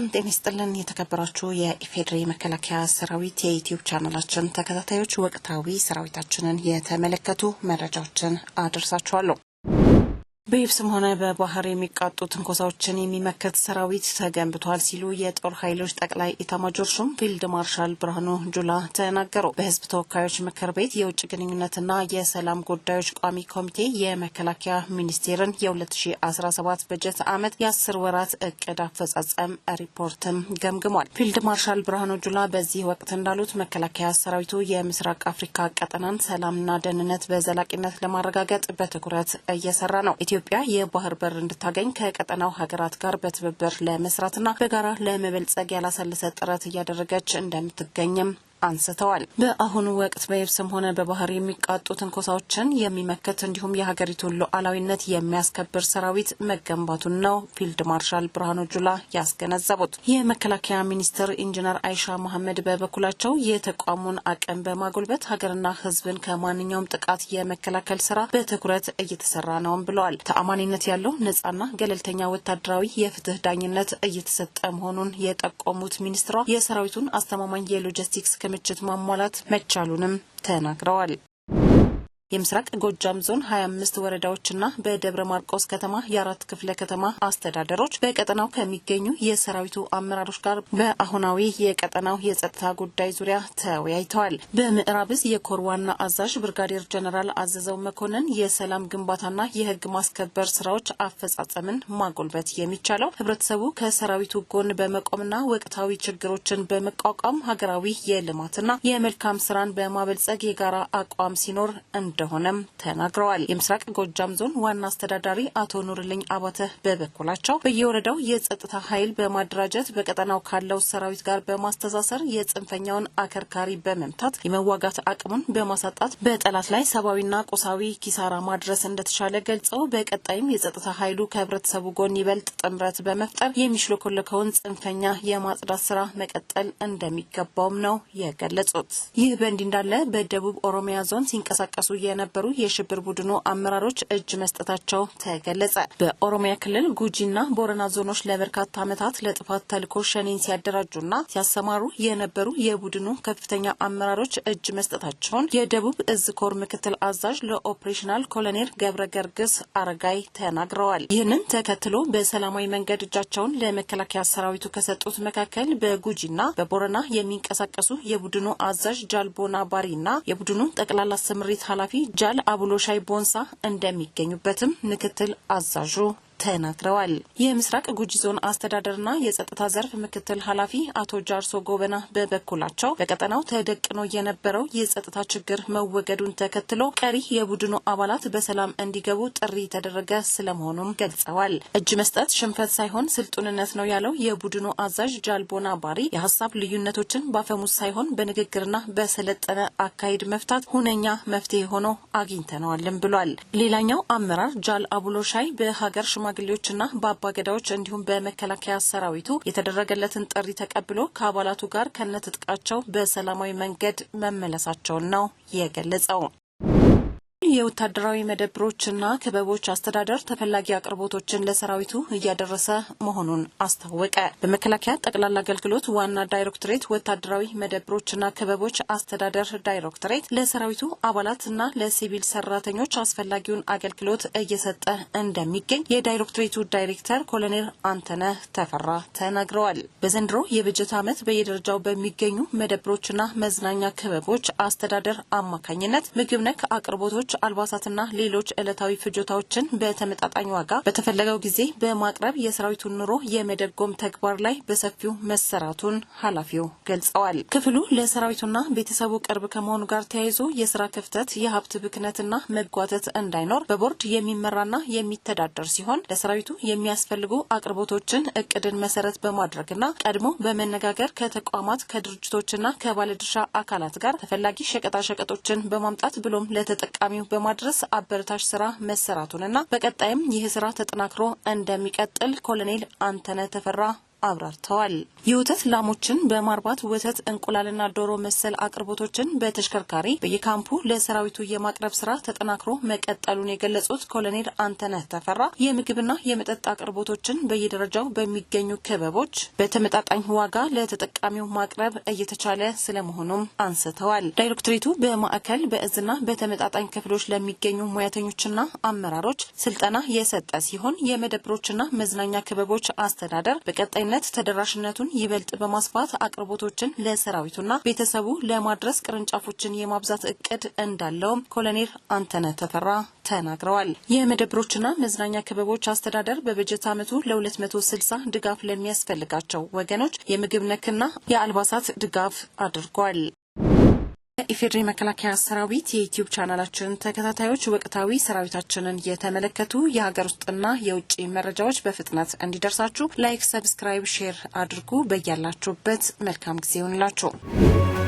ሰላም ጤና ይስጥልን። የተከበራችሁ የኢፌዴሪ መከላከያ ሰራዊት የዩቲዩብ ቻናላችን ተከታታዮች ወቅታዊ ሰራዊታችንን የተመለከቱ መረጃዎችን አደርሳችኋለሁ። በየብስም ሆነ በባህር የሚቃጡ ትንኮሳዎችን የሚመከት ሰራዊት ተገንብቷል ሲሉ የጦር ኃይሎች ጠቅላይ ኢታማጆር ሹም ፊልድ ማርሻል ብርሃኑ ጁላ ተናገሩ። በህዝብ ተወካዮች ምክር ቤት የውጭ ግንኙነትና የሰላም ጉዳዮች ቋሚ ኮሚቴ የመከላከያ ሚኒስቴርን የ2017 በጀት ዓመት የአስር ወራት እቅድ አፈጻጸም ሪፖርትም ገምግሟል። ፊልድ ማርሻል ብርሃኑ ጁላ በዚህ ወቅት እንዳሉት መከላከያ ሰራዊቱ የምስራቅ አፍሪካ ቀጠናን ሰላምና ደህንነት በዘላቂነት ለማረጋገጥ በትኩረት እየሰራ ነው። ኢትዮጵያ የባህር በር እንድታገኝ ከቀጠናው ሀገራት ጋር በትብብር ለመስራትና በጋራ ለመበልጸግ ያላሰለሰ ጥረት እያደረገች እንደምትገኝም አንስተዋል። በአሁኑ ወቅት በየብስም ሆነ በባህር የሚቃጡ ትንኮሳዎችን የሚመክት እንዲሁም የሀገሪቱን ሉዓላዊነት የሚያስከብር ሰራዊት መገንባቱን ነው ፊልድ ማርሻል ብርሃኑ ጁላ ያስገነዘቡት። የመከላከያ ሚኒስትር ኢንጂነር አይሻ መሐመድ በበኩላቸው የተቋሙን አቅም በማጎልበት ሀገርና ሕዝብን ከማንኛውም ጥቃት የመከላከል ስራ በትኩረት እየተሰራ ነውም ብለዋል። ተአማኒነት ያለው ነጻና ገለልተኛ ወታደራዊ የፍትህ ዳኝነት እየተሰጠ መሆኑን የጠቆሙት ሚኒስትሯ የሰራዊቱን አስተማማኝ የሎጂስቲክስ ክምችት ማሟላት መቻሉንም ተናግረዋል። የምስራቅ ጎጃም ዞን 25 ወረዳዎችና በደብረ ማርቆስ ከተማ የአራት ክፍለ ከተማ አስተዳደሮች በቀጠናው ከሚገኙ የሰራዊቱ አመራሮች ጋር በአሁናዊ የቀጠናው የጸጥታ ጉዳይ ዙሪያ ተወያይተዋል። በምዕራብ እዝ የኮር ዋና አዛዥ ብርጋዴር ጀነራል አዘዘው መኮንን የሰላም ግንባታና የህግ ማስከበር ስራዎች አፈጻጸምን ማጎልበት የሚቻለው ህብረተሰቡ ከሰራዊቱ ጎን በመቆምና ወቅታዊ ችግሮችን በመቋቋም ሀገራዊ የልማትና የመልካም ስራን በማበልጸግ የጋራ አቋም ሲኖር እንደ እንደሆነም ተናግረዋል። የምስራቅ ጎጃም ዞን ዋና አስተዳዳሪ አቶ ኑርልኝ አባተ በበኩላቸው በየወረዳው የጸጥታ ኃይል በማደራጀት በቀጠናው ካለው ሰራዊት ጋር በማስተሳሰር የጽንፈኛውን አከርካሪ በመምታት የመዋጋት አቅሙን በማሳጣት በጠላት ላይ ሰብአዊና ቁሳዊ ኪሳራ ማድረስ እንደተቻለ ገልጸው በቀጣይም የጸጥታ ኃይሉ ከህብረተሰቡ ጎን ይበልጥ ጥምረት በመፍጠር የሚሽለኮለከውን ጽንፈኛ የማጽዳት ስራ መቀጠል እንደሚገባውም ነው የገለጹት። ይህ በእንዲህ እንዳለ በደቡብ ኦሮሚያ ዞን ሲንቀሳቀሱ የነበሩ የሽብር ቡድኑ አመራሮች እጅ መስጠታቸው ተገለጸ። በኦሮሚያ ክልል ጉጂና ቦረና ዞኖች ለበርካታ ዓመታት ለጥፋት ተልኮ ሸኔን ሲያደራጁና ሲያሰማሩ የነበሩ የቡድኑ ከፍተኛ አመራሮች እጅ መስጠታቸውን የደቡብ እዝ ኮር ምክትል አዛዥ ለኦፕሬሽናል ኮሎኔል ገብረ ገርግስ አረጋይ ተናግረዋል። ይህንን ተከትሎ በሰላማዊ መንገድ እጃቸውን ለመከላከያ ሰራዊቱ ከሰጡት መካከል በጉጂና በቦረና የሚንቀሳቀሱ የቡድኑ አዛዥ ጃልቦና ባሪና የቡድኑ ጠቅላላ ስምሪት ኃላፊ ጃል አቡሎ ሻይ ቦንሳ እንደሚገኙበትም ምክትል አዛዡ ተናግረዋል። የምስራቅ ጉጂ ዞን አስተዳደርና የጸጥታ ዘርፍ ምክትል ኃላፊ አቶ ጃርሶ ጎበና በበኩላቸው በቀጠናው ተደቅኖ የነበረው የጸጥታ ችግር መወገዱን ተከትሎ ቀሪ የቡድኑ አባላት በሰላም እንዲገቡ ጥሪ የተደረገ ስለመሆኑም ገልጸዋል። እጅ መስጠት ሽንፈት ሳይሆን ስልጡንነት ነው ያለው የቡድኑ አዛዥ ጃልቦና ባሪ የሀሳብ ልዩነቶችን ባፈሙዝ ሳይሆን በንግግርና በሰለጠነ አካሄድ መፍታት ሁነኛ መፍትሄ ሆኖ አግኝተነዋልም ብሏል። ሌላኛው አመራር ጃል አቡሎ ሻይ በሀገር ሽማ ሽማግሌዎችና በአባገዳዎች እንዲሁም በመከላከያ ሰራዊቱ የተደረገለትን ጥሪ ተቀብሎ ከአባላቱ ጋር ከነትጥቃቸው በሰላማዊ መንገድ መመለሳቸውን ነው የገለጸው። የወታደራዊ መደብሮችና ክበቦች አስተዳደር ተፈላጊ አቅርቦቶችን ለሰራዊቱ እያደረሰ መሆኑን አስታወቀ። በመከላከያ ጠቅላላ አገልግሎት ዋና ዳይሬክቶሬት ወታደራዊ መደብሮችና ክበቦች አስተዳደር ዳይሬክቶሬት ለሰራዊቱ አባላትና ለሲቪል ሰራተኞች አስፈላጊውን አገልግሎት እየሰጠ እንደሚገኝ የዳይሬክቶሬቱ ዳይሬክተር ኮሎኔል አንተነህ ተፈራ ተናግረዋል። በዘንድሮ የበጀት ዓመት በየደረጃው በሚገኙ መደብሮችና መዝናኛ ክበቦች አስተዳደር አማካኝነት ምግብ ነክ አቅርቦቶች ጌጣጌጦች፣ አልባሳትና ሌሎች ዕለታዊ ፍጆታዎችን በተመጣጣኝ ዋጋ በተፈለገው ጊዜ በማቅረብ የሰራዊቱን ኑሮ የመደጎም ተግባር ላይ በሰፊው መሰራቱን ኃላፊው ገልጸዋል። ክፍሉ ለሰራዊቱና ቤተሰቡ ቅርብ ከመሆኑ ጋር ተያይዞ የስራ ክፍተት፣ የሀብት ብክነትና መጓተት እንዳይኖር በቦርድ የሚመራና የሚተዳደር ሲሆን ለሰራዊቱ የሚያስፈልጉ አቅርቦቶችን እቅድን መሰረት በማድረግና ቀድሞ በመነጋገር ከተቋማት ከድርጅቶችና ከባለድርሻ አካላት ጋር ተፈላጊ ሸቀጣሸቀጦችን በማምጣት ብሎም ለተጠቃሚው ለተጠቃሚው በማድረስ አበረታች ስራ መሰራቱንና በቀጣይም ይህ ስራ ተጠናክሮ እንደሚቀጥል ኮሎኔል አንተነ ተፈራ አብራርተዋል። የወተት ላሞችን በማርባት ወተት፣ እንቁላልና ዶሮ መሰል አቅርቦቶችን በተሽከርካሪ በየካምፑ ለሰራዊቱ የማቅረብ ስራ ተጠናክሮ መቀጠሉን የገለጹት ኮሎኔል አንተነህ ተፈራ የምግብና የመጠጥ አቅርቦቶችን በየደረጃው በሚገኙ ክበቦች በተመጣጣኝ ዋጋ ለተጠቃሚው ማቅረብ እየተቻለ ስለመሆኑም አንስተዋል። ዳይሬክቶሬቱ በማዕከል በእዝና በተመጣጣኝ ክፍሎች ለሚገኙ ሙያተኞችና አመራሮች ስልጠና የሰጠ ሲሆን የመደብሮችና መዝናኛ ክበቦች አስተዳደር በቀጣይ አጋርነት ተደራሽነቱን ይበልጥ በማስፋት አቅርቦቶችን ለሰራዊቱና ቤተሰቡ ለማድረስ ቅርንጫፎችን የማብዛት እቅድ እንዳለው ኮሎኔል አንተነህ ተፈራ ተናግረዋል። የመደብሮችና መዝናኛ ክበቦች አስተዳደር በበጀት ዓመቱ ለ260 ድጋፍ ለሚያስፈልጋቸው ወገኖች የምግብ ነክና የአልባሳት ድጋፍ አድርጓል። የኢፌዴሪ መከላከያ ሰራዊት የዩቲዩብ ቻናላችን ተከታታዮች ወቅታዊ ሰራዊታችንን የተመለከቱ የሀገር ውስጥና የውጭ መረጃዎች በፍጥነት እንዲደርሳችሁ ላይክ፣ ሰብስክራይብ፣ ሼር አድርጉ። በያላችሁበት መልካም ጊዜ ይሁንላችሁ።